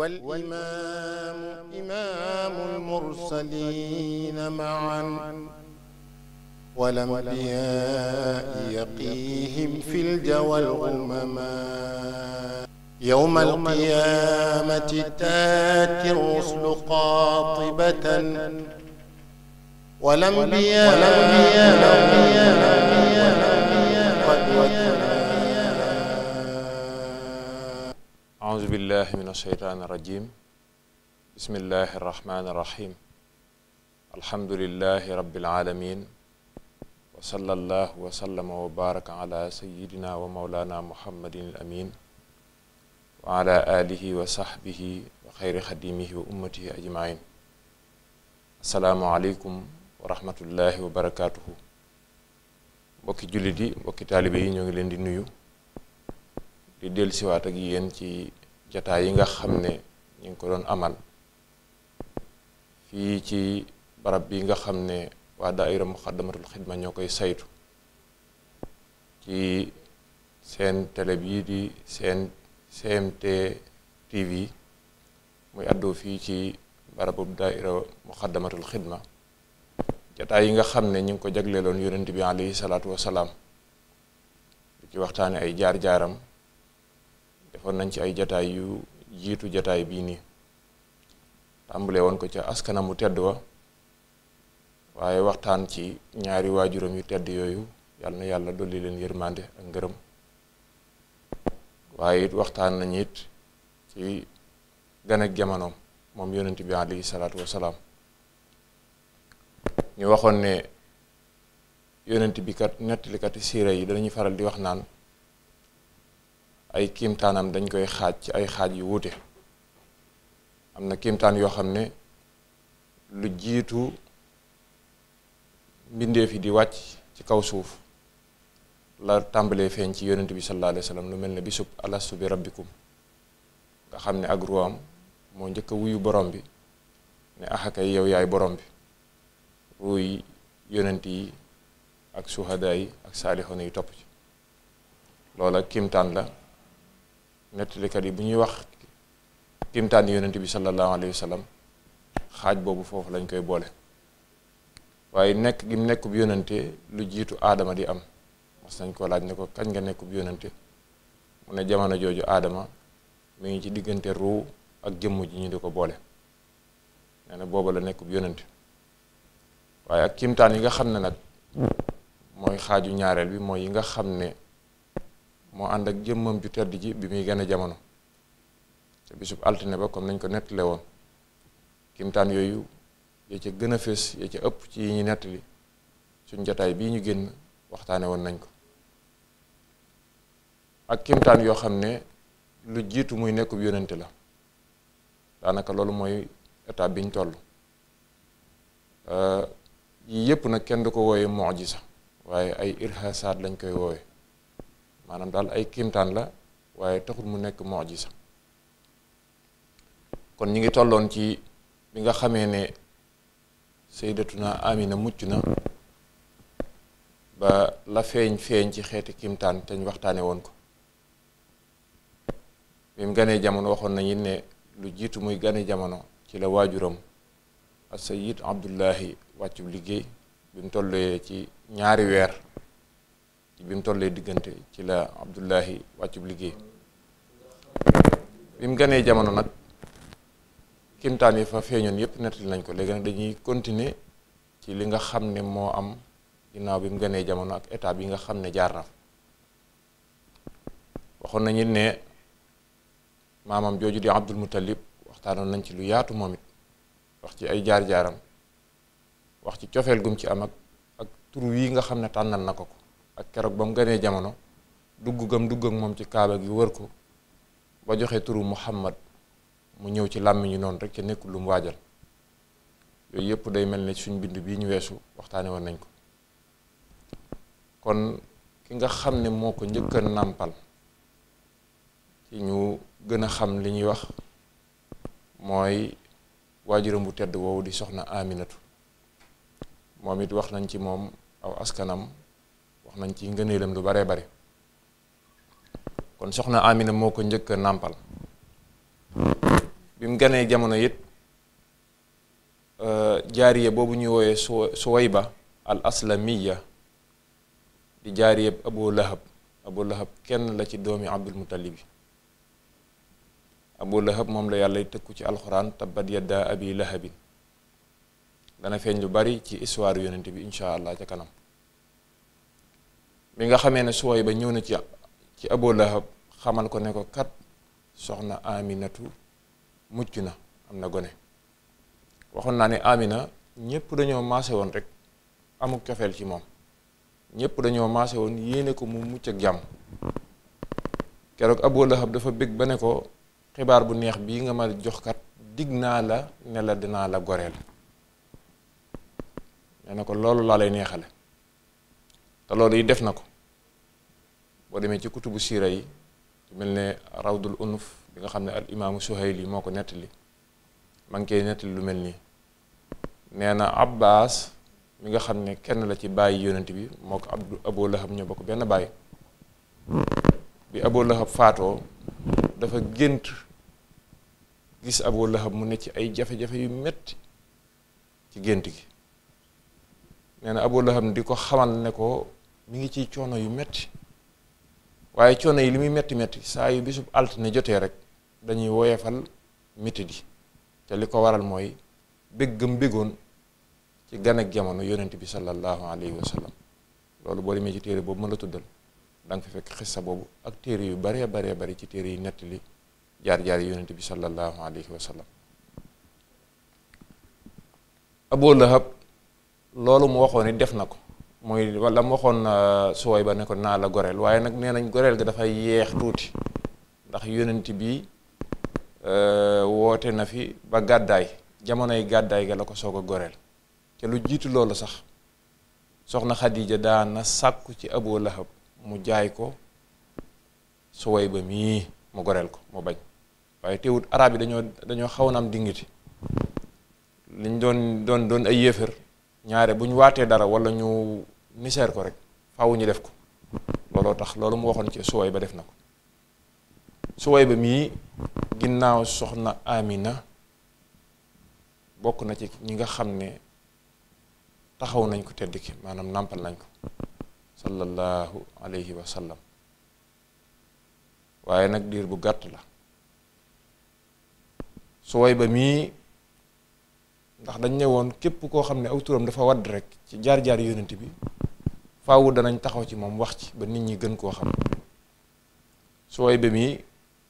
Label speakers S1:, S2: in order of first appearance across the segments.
S1: والإمام إمام المرسلين معا والأنبياء يقيهم في الجوى الغمما يوم القيامة تاتي الرسل قاطبة والأنبياء billahi min alsheytaan bismillahi arrahmani irrahim alhamdulilahi rabiilalamin wa sala wa sallama wa baaraka ala sayidina wa maulana muhammadin al wa ala wa saxbihi wa xeyri xadimihi wa ummatihi ajmain ñoo ngi leen di nuyu di dellusiwaat ak yéen ci jataa yi nga xam ne ñu ngi ko doon amal fii ci barab bii nga xam ne waa daayira muxaddamatul xidma ñoo koy saytu ci seen télé yii di seen CMT TV muy àddoo fii ci barabu daayira muxaddamatul xidma jataay yi nga xam ne ñu ngi ko jagleeloon yonent bi alayhi salaatu wasalaam di ci waxtaane ay jaar-jaaram defoon nañ ci ay jataay yu jiitu jataay bii nii tàmbale woon ko ca askanamu tedd wa waaye waxtaan ci ñaari waajuram yu tedd yooyu yàlla na yàlla dolli leen yërmande ak ngërëm waaye it waxtaan nañ it ci gan ak jamonoom moom yonent bi alayhi salaatu wasalaam ñu waxoon ne yonent bi kat nettalikati siira yi danañu faral di wax naan ay kiimtaanam dañ koy xaaj ci ay xaaj yu wuute am na kiimtaan yoo xam ne lu jiitu mbindeef yi di wàcc ci kaw suuf la tàmbalee feeñ ci yonent bi sallallahu alayhi wa lu mel ne bisub alastu bi rabbikum nga xam ne ak ruwaam moo njëkk wuyu borom bi ne ah yi yow yaay borom bi ruuy yonent yi ak suhadaa yi ak saalixoon yi topp ci loola kiimtaan la nettalikat yi bu ñuy wax kimtaan yonent bi sallallahu alayhi wa xaaj boobu foofu lañ koy boole waaye nekk gi mu nekk yonante lu jiitu aadama di am mas nañ ko laaj ne ko kañ nga nekk bu yonante mu ne jamono jooju aadama mu ngi ci diggante ruu ak jëmm ji ñu di ko boole nee na booba la nekk yonante waaye ak kimtaan yi nga xam ne nag mooy xaaju ñaareel bi mooy yi nga xam ne moo ànd ak jëmmam ju tedd ji bi muy gën jamono te bisub altine ba comme nañ ko nettale woon kimtaan yooyu ya ca gën a fés ya ëpp ci yi ñu nettali suñ jataay bii ñu génn waxtaane woon nañ ko ak kimtaan yoo xam ne lu jiitu muy nekkub yónnante la daanaka loolu mooy étape biñ toll yii yépp nag kenn du ko wooye mojisa waaye ay irhasaat lañ koy woowe maanaam daal ay kiimtaan la waaye taxul mu nekk mojisa kon ñi ngi tolloon ci bi nga xamee ne sayyidatuna amina mucc na ba la feeñ feeñ ci xeeti kiimtaan te ñu waxtaane woon ko bi mu ganee jamono waxoon nañu ne lu jiitu muy gane jamono ci la waajuram as-sayyid abdullahi wàccu liggéey bi mu tollee ci ñaari weer bi mu tollee diggante ci la Abdullahi wàccub liggéey bi mu ganee jamono nag kimtaan yi fa feeñoon yépp nettali nañ ko léegi nag dañuy continuer ci li nga xam ne moo am ginnaaw bi mu ganee jamono ak état bi nga xam ne jaar na waxoon nañu ne maamam jooju di Abdul Muttalib waxtaanoon nañ ci lu yaatu moom it wax ci ay jaar-jaaram wax ci cofeel gum ci am ak ak tur nga xam ne tànnal na ko ko ak keroog ba mu gënee jamono dugg gam dugg ak moom ci kaaba gi wër ko ba joxe turu muhammad mu ñëw ci làmmiñ yi noonu rek ci nekkul lu waajal yooyu yëpp day mel ni suñ bind bii ñu weesu waxtaane woon nañ ko kon ki nga xam ne moo ko njëkka nàmpal ci ñu gën a xam li ñuy wax mooy waajuram bu tedd woowu di soxna Aminatu moom it wax nañ ci moom aw askanam wax ci ngëneelam lu baree bari kon soxna Amina moo ko njëkk a nàmpal bi mu ganee jamono it euh, jaariya boobu ñuy wooyee Suwayba al aslamiya di jaariya Abu Lahab Abu Lahab kenn la ci doomi Abdul Muttalib bi Abu Lahab moom la yàlla tëkku ci alxuraan tabbat yadda abi lahabin dana feeñ lu bari ci histoire yonent bi incha allah ca kanam bi nga xamee ne sooy ba ñëw na ci ci Abu Lahab xamal ko ne ko kat soxna Aminatu mucc na am na gone waxoon naa ne Amina ñëpp dañoo maase woon rek amuk cofeel ci moom ñëpp dañoo maase woon yéene ko mu mucc ak jàmm keroog Abu Lahab dafa bég ba ne ko xibaar bu neex bii nga ma jox kat dig naa la ne la dinaa la goreel ne na ko loolu laa lay neexale te loolu yi def na ko boo demee ci kutubu siira yi mel ne rawdul unuf bi nga xam ne al imaamu suhayli moo ko nettali ma ngi koy nettali lu mel nii nee na abbas mi nga xam ne kenn la ci bàyyi yonent bi moo ko abdu aboo benn bàyyi bi aboo lahab faatoo dafa gént gis aboo lahab mu ne ci ay jafe-jafe yu metti ci gént gi nee na aboo lahab di ko xamal ne ko mu ngi ci coono yu metti waaye coono yi li muy metti métti saa yu bisub altine jotee rek dañuy woyefal métti di te li ko waral mooy béggam béggoon ci gan ak jamono yonent bi sallallahu alayhi wa sallam loolu boo demee ci téere boobu ma la tuddal da fi fekk fekk xissa boobu ak téere yu baree baree bari ci téere yi nettali jaar-jaar yi yonent bi sallallahu alayhi wa sallam Abu Lahab loolu mu waxoo ni def na ko mooy wala mu waxoon euh, suway ba ne ko naa la goreel waaye nag nee nañ goreel ga dafay yeex tuuti ndax yonent bi euh, woote na fi ba gàddaay jamonoy gàddaay ga la ko soog a goreel te lu jiitu loolu sax soxna Xadija daana sàkku ci Abu Lahab mu jaay ko suway ba mii mu goreel ko mu bañ waaye teewut arab yi dañoo dañoo xaw na am dingiti liñ doon doon doon ay yéefar ñaare bu waatee dara walla ñu misère ko rek faaw ñu def ko looloo tax loolu mu waxoon ci suway ba def na ko suway ba mii ginnaaw soxna Amina bokk na ci ñi nga xam ne taxaw nañ ko tedd ki maanaam nàmpal nañ ko sallallahu alayhi wa waaye nag diir bu gàtt la suway ba mii ndax dañ ñëwoon képp koo xam ne aw turam dafa wadd rek ci jaar-jaar yonent bi faawu danañ taxaw ci moom wax ci ba nit ñi gën koo xam ne sooy ba mi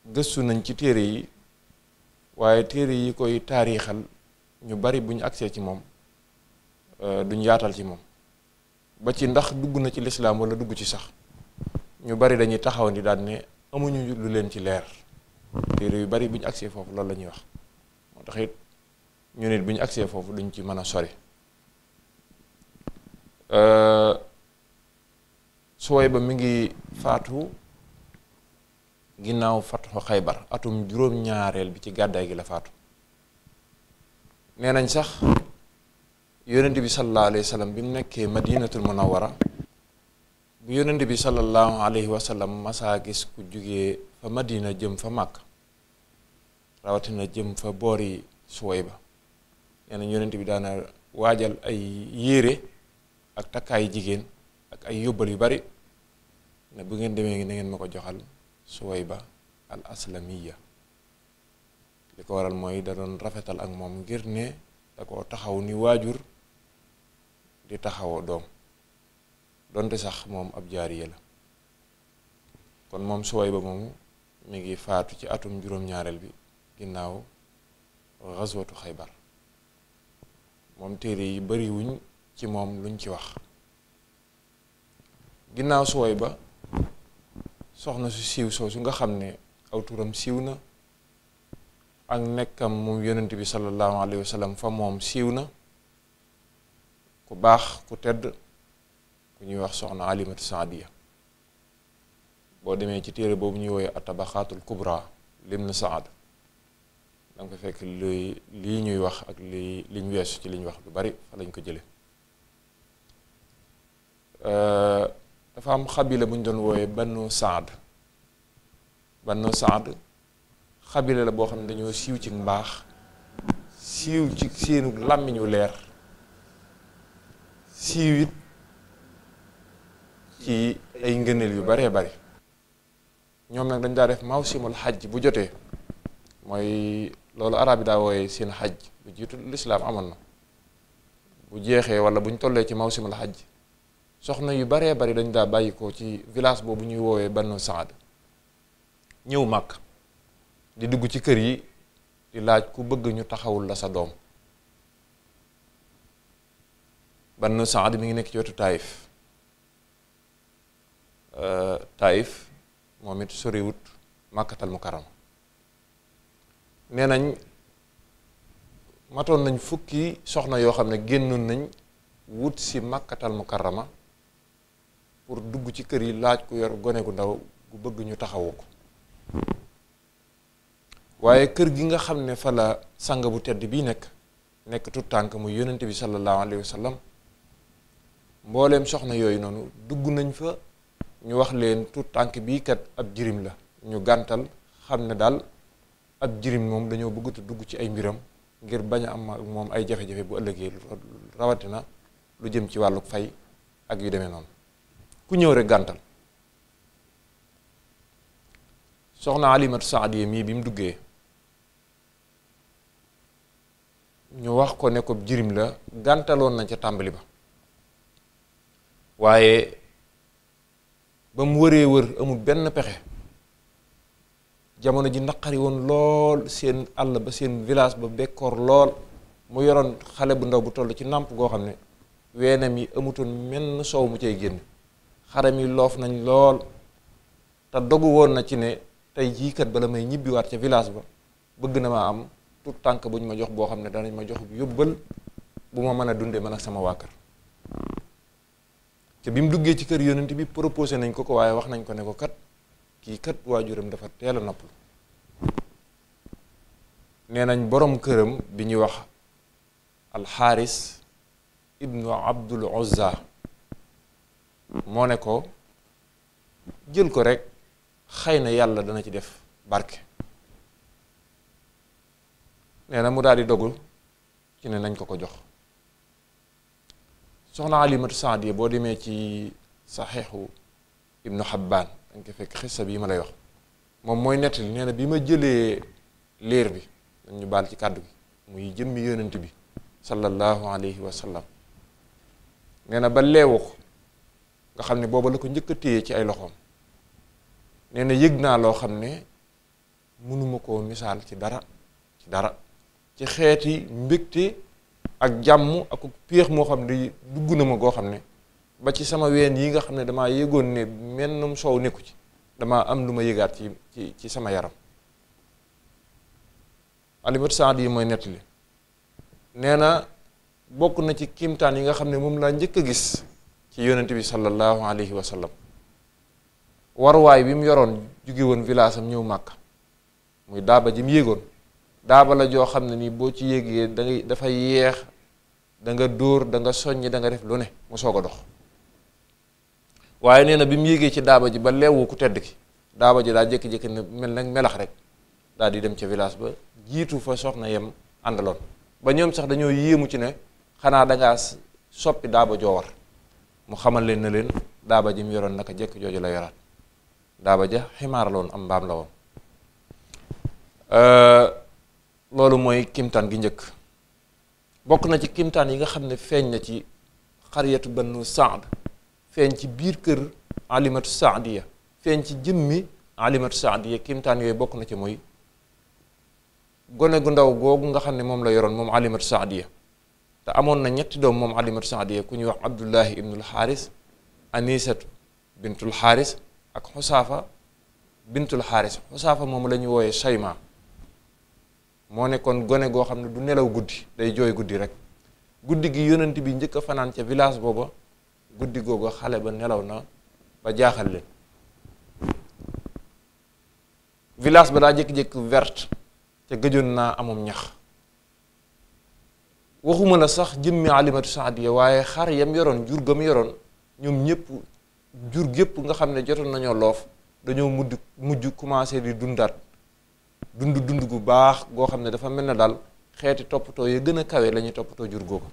S1: gëstu nañ ci téere yi waaye téere yi koy taarixal ñu bari buñ ñu ci moom euh, duñ yaatal ci moom ba ci ndax dugg na ci lislaam wala dugg ci sax ñu bari dañuy taxaw ni daal ne amuñu lu leen ci leer téere yu bari buñ ñu foofu loolu la ñuy wax moo tax ñu nit bu ñu agsee foofu duñ ci mën a sori euh, suway ba mi ngi faatu ginnaaw fatxu xaybar atum juróom-ñaareel bi ci gàddaay gi la faatu nee nañ sax yonent bi sallallahu alayhi wa bi mu nekkee madinatul munawwara bu yonent bi sallallahu alayhi wa sallam masaa gis ku jugee fa madina jëm fa màkk rawatina jëm fa boori suway ba nee nañ yonent bi daana waajal ay yére ak takkaayu jigéen ak ay yóbbal yu bari ne bu ngeen demee na ngeen ma ko joxal Suwayba al aslamiya li ko waral mooy da doon rafetal ak moom ngir ne da ko taxaw ni waajur di taxawoo doom doonte sax moom ab jaariya la kon moom ba moomu mu ngi faatu ci atum juróom-ñaareel bi ginnaaw xaswatu Xaybar moom téere yi bariwuñ ci moom luñ ci wax ginnaaw sooy ba soxna su siiw su nga xam ne aw turam siiw na ak nekkam moom yonent bi sallallahu alayhi wa fa moom siiw na ku baax ku tedd ku ñuy wax soxna alimatu saadiya boo demee ci téere boobu ñuy woowee atabaxaatul kubra lim na saad da fekk luy lii ñuy wax ak lii liñ weesu ci liñ wax lu bari fa lañ ko jële euh, dafa am xabila bu ñu doon wooyee bannu saad bannu saad xabila la boo xam ne dañoo siiw ci mbaax siiw ci seenu làmmiñ wu leer siiw it ci ay ngëneel yu baree bari ñoom nag dañ daa def mawsimul xaj bu jotee mooy loolu arab yi daa wooye seen xaj bu jiitu lislaam amoon na bu jeexee wala buñ tollee ci mawsimul xaj soxna yu baree bari dañ daa bàyyi ko ci village boobu ñuy woowee Banu Saad ñëw màkk di dugg ci kër yi di laaj ku bëgg ñu taxawul la sa doom Banu Saad mi ngi nekk ci wetu Taïf euh, Taïf moom it soriwut màkkatal mukarama nee nañ matoon nañ fukki soxna yoo xam ne génnoon nañ wut si màkkatal mukarrama pour dugg ci kër yi laaj ku yor gone gu ndaw gu bëgg ñu taxawu ko waaye kër gi nga xam ne fa la sang bu tedd bii nekk nekk tut tànk mu yonente bi sallallahu alayhi wa mbooleem soxna yooyu noonu dugg nañ fa ñu wax leen tut tànk bii kat ab jirim la ñu gàntal xam ne daal ak jirim moom dañoo bëgg a dugg ci ay mbiram ngir bañ a am moom ay jafe-jafe bu ëllëgee rawatina lu jëm ci wàllu fay ak yu demee noonu ku ñëw rek gàntal soxna Alimatu Saadiya mii bi mu duggee ñu wax ko ne ko jirim la gàntaloon na ca tàmbali ba waaye ba mu wëree wër amul benn pexe jamono ji naqari woon lool seen àll ba seen village ba bekkoor lool mu yoroon xale bu ndaw bu toll ci nàmp goo xam ne weenam yi amutoon menn soow mu cay génn xaram mi loof nañ lool te dogu woon na ci ne tey jii kat bala may ñibbiwaat ca village ba bëgg na ma am tout tànk bu ñu ma jox boo xam ne danañ ma jox yóbbal bu ma mën a dunde man ak sama waa kër te bi mu duggee ci kër te bi proposé nañ ko ko waaye wax nañ ko ne kat kii kat waajuram dafa teel nopp noppalu nee nañ boroom këram bi ñuy wax alxaaris ibnu abdul uzza moo ne ko jël ko rekk xëy na yàlla dana ci def barke nee na mu daal di dogu ci ne nañ ko ko jox soxna alimatu saadiya boo demee ci saxiixu ibnu xabbaan dañ ko fekk xissa bii ma lay wax moom mooy nettali neena na bi ma jëlee liir bi dañ ñu baal ci kàddu gi muy jëmmi yonent bi sallallahu alayhi wa sallam nee na ba leewu ko nga xam ne booba la ko njëkk a téye ci ay loxoom nee na yëg naa loo xam ne mënuma koo misaal ci dara ci dara ci xeeti mbégte ak jàmm ak péex moo xam ne dugg na ma goo xam ne ba ci sama ween yi nga xam ne damaa yëgoon ne mennum soow nekku ci damaa am lu ma yëgaat ci ci ci sama yaram alimatu saad yi mooy nettali nee na bokk na ci kiimtaan yi nga xam ne moom laa njëkk a gis ci yonent bi sallallahu alayhi wa sallam warwaay bi mu yoroon jóge woon village am ñëw màkk muy daaba ji mu yéegoon daaba la joo xam ne nii boo ci yéegee da ngay dafa yeex da nga dóor danga nga soññ da nga def lu ne mu soog a dox waaye nee na bi mu yéegee ci daaba ji ba leewu ku tedd ki daaba ji daa jékki-jékki ne mel nag melax rek daal di dem ca village ba jiitu fa soxna yem àndaloon ba ñoom sax dañoo yéemu ci ne xanaa dangaa soppi daaba joo war mu xamal leen na leen daaba ji mu yoroon naka jekk jooju la yoraat daaba ja ximaar am mbaam la woon euh, loolu mooy kimtaan gi njëkk bokk na ci kimtaan yi nga xam ne feeñ na ci xariyatu bannu saad feeñ ci biir kër alimatu saadiya feeñ ci jëmmi alimatu saadiya kimtaan yooyu bokk na ci mooy gone gu ndaw googu nga xam ne moom la yoroon moom alimatu saadiya te amoon na ñetti doom moom alimatu saadiya ku ñuy wax abdullahi ibnul xaaris anisatu bintul xaaris ak xusaafa bintul xaaris xusaafa moom la ñu wooyee sayma moo nekkoon gone goo xam ne du nelaw guddi day jooy guddi rek guddi gi yonent bi njëkk fanaan ca village booba guddi googu xale ba nelaw na ba jaaxal leen village ba daa jékki-jékki verte te gëjoon naa amum ñax waxuma la sax jëmmi alimatu saadiya waaye xar yam yoroon jur ga mu yoroon ñoom ñëpp jur gépp nga xam ne jotoon nañoo loof dañoo mudd mujj commencé di dundaat dund dund gu baax goo xam ne dafa mel ne daal xeeti toppatoo yi gën a kawe lañuy toppatoo jur googu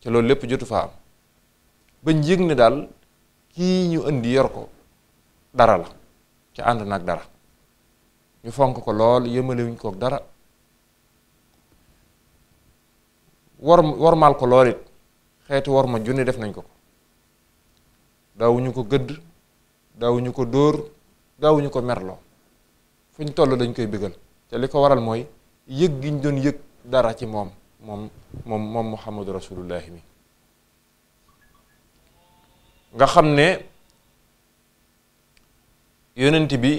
S1: te loolu lépp jotu faa am bañ yëg ne daal kii ñu indi yor ko dara la ci ànd nag dara ñu fonk ko lool yëmalewuñ kook dara war warmaal ko loolit it xeeti war ma junni def nañ ko ko daawuñu ko gëdd daawuñu ko dóor daawuñu ko merloo fu ñu toll dañ koy bégal te li ko waral mooy yëg gi ñu doon yëg dara ci moom moom moom moom muhammadu rasulullahi mi nga xam ne yonent bi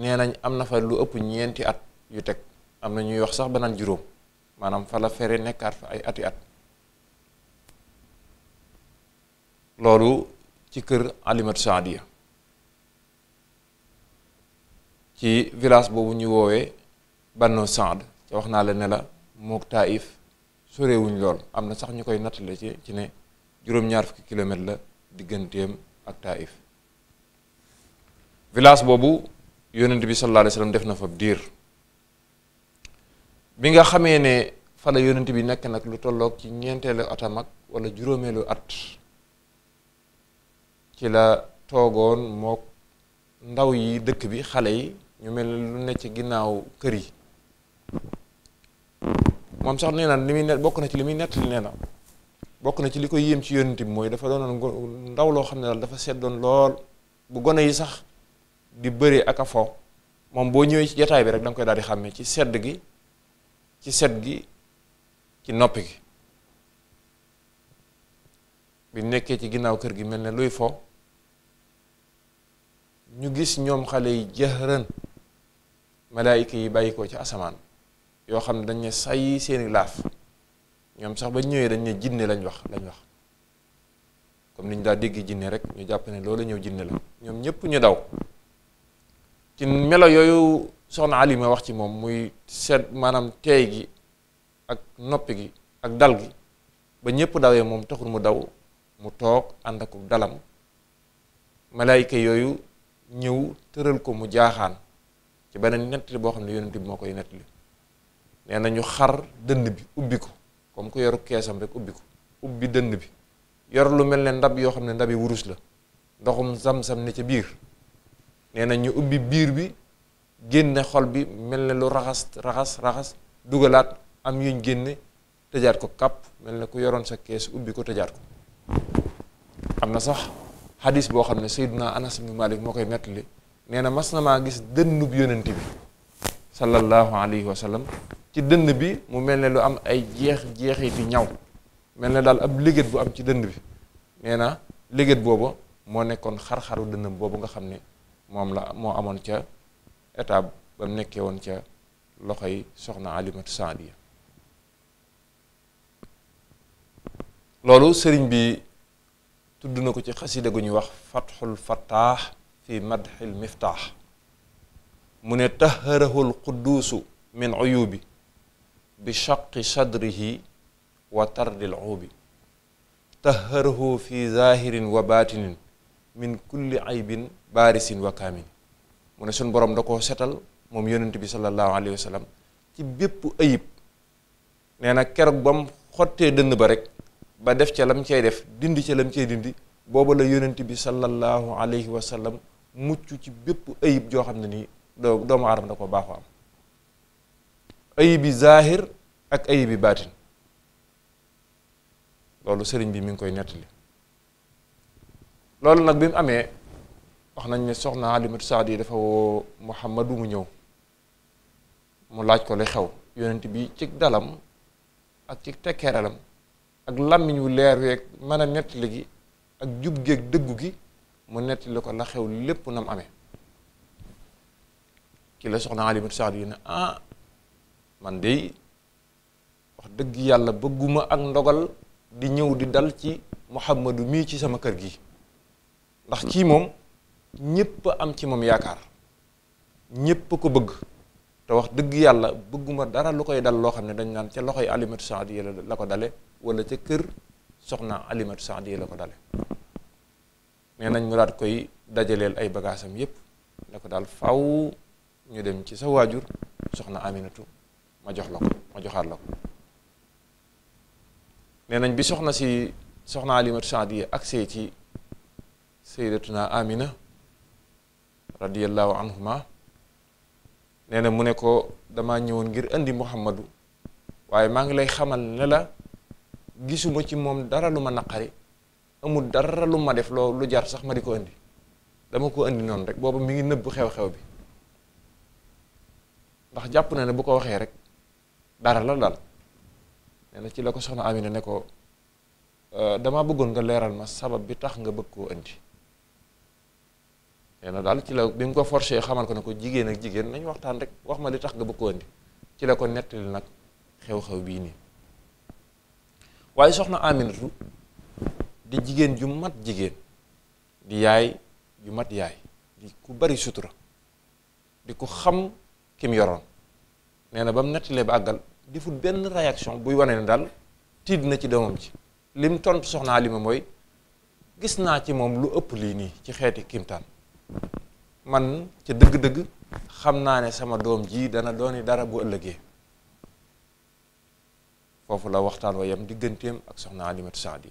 S1: nee nañ am na fa lu ëpp ñeenti at yu teg am na ñuy wax sax ba juróom maanaam fa la fere nekkaat fa ay ati at loolu ci kër Alimatu Saadiya ci village boobu ñuy woowee banno Saad ca wax naa la ne la mook Taif sorewuñ lool am na sax ñu koy natt ci ci ne juróom-ñaar fukki kilomètre la digganteem ak Taif village boobu yonent bi sallallahu alayhi def na fa diir bi nga xamee ne fa la yonent bi nekk nag lu tollook ci ñeenteelu atam ak wala juróomeelu at ci la toogoon mook ndaw yi dëkk bi xale yi ñu mel ne lu nekk ci ginnaaw kër yi moom sax nee na li muy net bokk na ci li muy nettali nee na bokk na ci li ko yéem ci yonent mooy dafa doonoon ndaw loo xam ne daal dafa seddoon lool bu gone yi sax di bëri ak fo moom boo ñëwee ci jotaay bi rek da koy daal xàmmee ci sedd gi ci sedd gi ci nopp gi bi nekkee ci ginnaaw kër gi mel ne luy fo ñu gis ñoom xale yi jëxërën malaayika yi bàyyikoo ci asamaan yoo xam ne dañ ne say seeni laaf ñoom sax ba ñëwee dañ ne jinne lañ wax lañ wax comme ni ñu daa dégg jinne rek ñu jàpp ne loolu ñëw jinne la ñoom ñëpp ñu daw ci melo yooyu soxna Alima wax ci moom muy seet maanaam teey gi ak noppi gi ak dal gi ba ñëpp dawee moom taxul mu daw mu toog ànd ak dalam malaayika yooyu ñëw tëral ko mu jaaxaan ci beneen nettali boo xam ne yonent bi moo koy netti nee na ñu xar dënd bi ubbi ko comme ku yoru keesam rek ubbi ko ubbi dënn bi yor lu mel na ndab yoo xam ne ndab yi wurus la ndoxum sam-sam ne ca biir nee na ñu ubbi biir bi génne xol bi mel na lu raxas raxas raxas dugalaat am yuñ génne tëjaat ko kàpp mel ne ku yoroon sa kees ubbi ko tëjaat ko am na sax xadis boo xam ne sayduna anas ibnu malik moo koy mettali nee na mas na maa gis dënnub yonent bi sallallahu alayhi wa ci dënn bi mu mel ne lu am ay jeex jeexiti ñaw mel ne daal ab liggéey bu am ci dënn bi nee na liggéey booba moo nekkoon xar dënn dëndam boobu nga xam ne moom la moo amoon ca état ba mu nekkee woon ca loxo yi soxna Alimatu Saadiya loolu sëriñ bi tudd ko ci xasida gu ñuy wax fatxul fattaax fi madxil miftaax mu ne taharahul qudduusu min uyubi bi shaqi sadrihi wa tardil uubi tahharhu fi zahirin wa batinin min kulli aybin baarisin wa kaamin mu ne suñ borom da ko setal moom yonent bi sallallahu alayhi wa sallam ci bépp ayib nee na keroog bam xottee dënn ba rek ba def ca lam cay def dindi ca lam cay dindi booba la yonent bi sallallahu alayhi wa sallam mucc ci bépp ayib joo xam ne doo doomu aadama na ko baaxoo am ayibi zaahir ak ayibi baatin loolu sëriñ bi mi ngi koy nettali loolu nag bi mu amee wax nañ ne soxna Alimatu yi dafa woo Muhammadu mu ñëw mu laaj ko li xew yonent bi ci dalam ak ci tekkeeralam ak làmmiñ wu leer weeg mën a nettali gi ak jub géeg dëggu gi mu nettali ko la xew lépp na mu amee ki la soxna Alimatu yi ne ah man de wax dëgg yàlla bëgguma ak ndogal di ñëw di dal ci Muhammadu mii ci sama kër gi ndax ci moom ñépp am ci moom yaakaar ñépp ko bëgg te wax dëgg yàlla bëgguma dara lu koy dal loo xam ne dañ naan ca loxoy Alimatu Saadiya la ko dale wala ca kër soxna Alimatu Saadiya la ko dale nee nañ mu daat koy dajaleel ay bagaasam yépp ne ko daal faw ñu dem ci sa waajur soxna Aminatu ma jox la ko ma joxaat la ko nee nañ bi soxna si soxna Alimatu Saadiya agsee ci sayyidatuna Amina radiyallahu anhuma nee na mu ne ko damaa ñëwoon ngir indi Muhammadu waaye maa ngi lay xamal ne la gisuma ci moom dara lu ma naqari amul dara lu ma def loo lu jar sax ma di ko indi dama ko indi noonu rek booba mi ngi nëbb xew-xew bi ndax jàpp na ne bu ko waxee rek dara la daal nee ci la ko soxna Amina ne ko euh, damaa bëggoon nga leeral ma sabab bi tax nga bëgg koo indi nee na daal ci la bi ko forcé xamal ne ko jigéen ak jigéen nañ waxtaan rek wax ma li tax nga bëgg koo indi ci la ko nettali nag xew bii nii waaye soxna Aminatu di jigéen ju mat jigéen di yaay ju mat yaay di ku bari sutura di ku xam kim yoroon nee na ba mu nettalee ba àggal deful benn réaction buy wane ne daal tiit na ci doomam ci lim tontu soxnaa li ma mooy gis naa ci moom lu ëpp lii nii ci xeeti kimtaan man ca dëgg-dëgg xam naa ne sama doom jii dana dooni dara bu ëllëgee foofu la waxtaan wa yam digganteem ak soxna Alimatu Saadi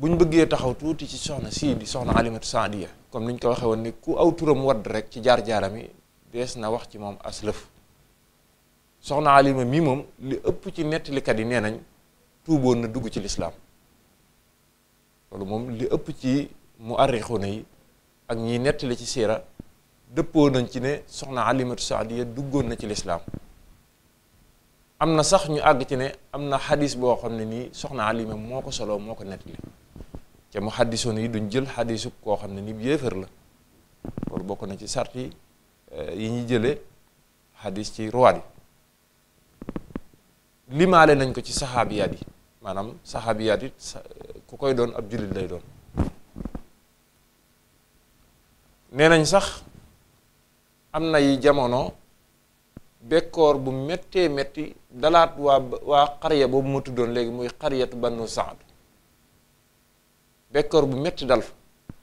S1: buñ bëggee taxaw tuuti ci soxna sii di soxna Alimatu Saadiya comme niñ ko waxee woon ni ku aw turam wadd rek ci jaar-jaaram yi dees na wax ci moom aslëf soxna Alima mii moom li ëpp ci nettalikat yi nee nañ tuuboon na dugg ci lislaam loolu moom li ëpp ci mu arrixuuna yi ak ñii nettali ci siira dëppoo nañ ci ne soxna Alimatu Saadiya duggoon na ci lislaam am na sax ñu àgg ci ne am na xadis boo xam ne nii soxna Alima moo ko solo moo ko nettali te mu xaddisoon yi duñ jël xadisu koo xam ne nii bi yéefar la loolu bokk na ci sart yi eh, yi ñuy jëlee xadis ci ruwaat yi limaale nañ ko ci saxaabiyaat yi maanaam saxaabiyaat yi ku koy doon ab jullit lay doon nee nañ sax am na yi jamono bekkoor bu méttee métti dalaat waa boobu ma léegi muy xariyatu bannu saad bekkoor bu métti dal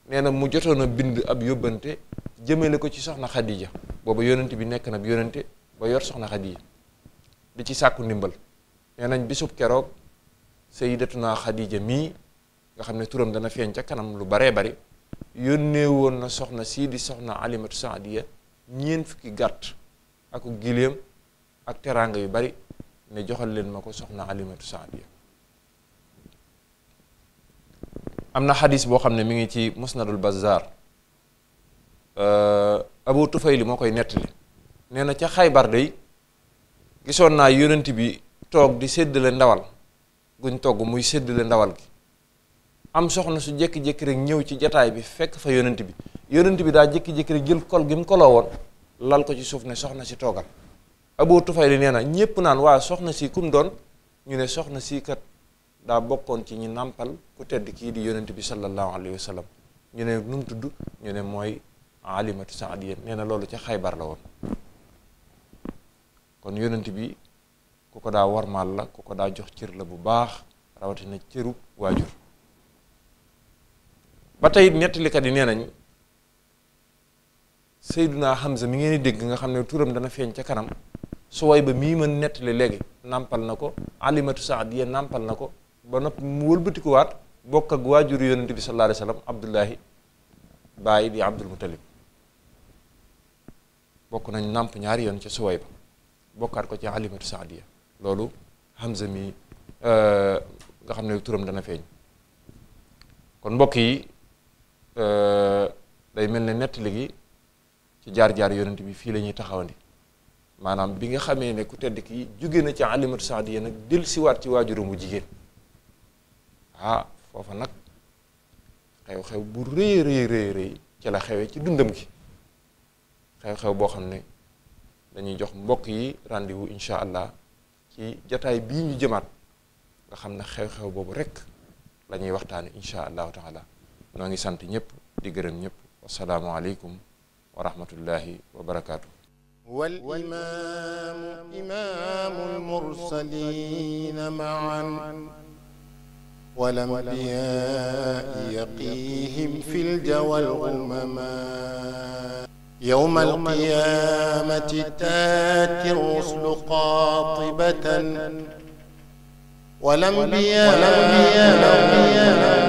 S1: nee na mu jotoon a bind ab yóbbante jëmale ko ci soxna Xadija booba yonent bi nekk na ab yonente ba yor soxna Xadija di ci sàkku ndimbal nee nañ bisub keroog sayyidatuna Xadija mii nga xam ne turam dana feeñ ca kanam lu baree bari yónnee woon na soxna sii di soxna alimatu saadiya ñeent fukki gàtt ak giléem ak teraanga yu bari ne joxal leen ma ko soxna alimatu saadiya am na xadis boo xam ne mi ngi ci musnadul bazaar abu tufayli moo koy nettali nee ca xaybar day gisoon naa yonent bi toog di séddale ndawal guñ togg muy séddale ndawal gi am soxna su jékki-jékki rek ñëw ci jataay bi fekk fa yonant bi yonent bi daa jékki-jékki rek jël kol gi mu koloo woon lal ko ci suuf ne soxna si toogal Abu Tufayl nee na ñépp naan waa soxna si kum doon ñu ne soxna si kat daa bokkoon ci ñi nàmpal ku tedd kii di yonent bi sallallahu alayhi wa sallam ñu ne nu mu tudd ñu ne mooy alimatu saadiya nee na loolu ca xaybar la woon kon yonent bi ku ko daa warmaal la ko daa jox cër la bu baax rawatina cëru waajur ba tey nettalikat yi nee nañ Seydunaa Hamza mi ngeen dégg nga xam ne turam dana feeñ ca kanam suway ba mii mën nettali léegi nàmpal na ko alimatu saadiya nàmpal na ko ba noppi mu wëlbatikuwaat bokk ak waajur yonente bi sallallahu alayhi wa sallam bàyyi di Abdul Muttalib bokk nañ nàmp ñaari yoon ca suway ba bokkaat ko ci alimatu saadiya loolu Hamza mi euh, nga xam ne turam dana feeñ kon mbokk yi euh, day mel ne nettali gi ci jaar-jaar yonent bi fii la ñuy taxawandi maanaam bi nga xamee ne ku tedd ki jóge na ci alimatu saadiya nag del ci waajuram bu jigéen ah foofa nag xew-xew bu rëy rëy rëy rëy ci la xewee ci dundam gi xew-xew boo xam ne dañuy jox mbokk yi rendez-vous allah ci jataay bii ñu jëmaat nga xam ne xew-xew boobu rek lañuy ñuy waxtaane insha allahu taala noo ngi sant ñëpp di gërëm ñëpp wasalaamualeykum wa rahmatullahi wa barakaatu. والإمام إمام المرسلين معا والأنبياء يقيهم في الجوى الغمما يوم القيامة تاتي الرسل قاطبة والأنبياء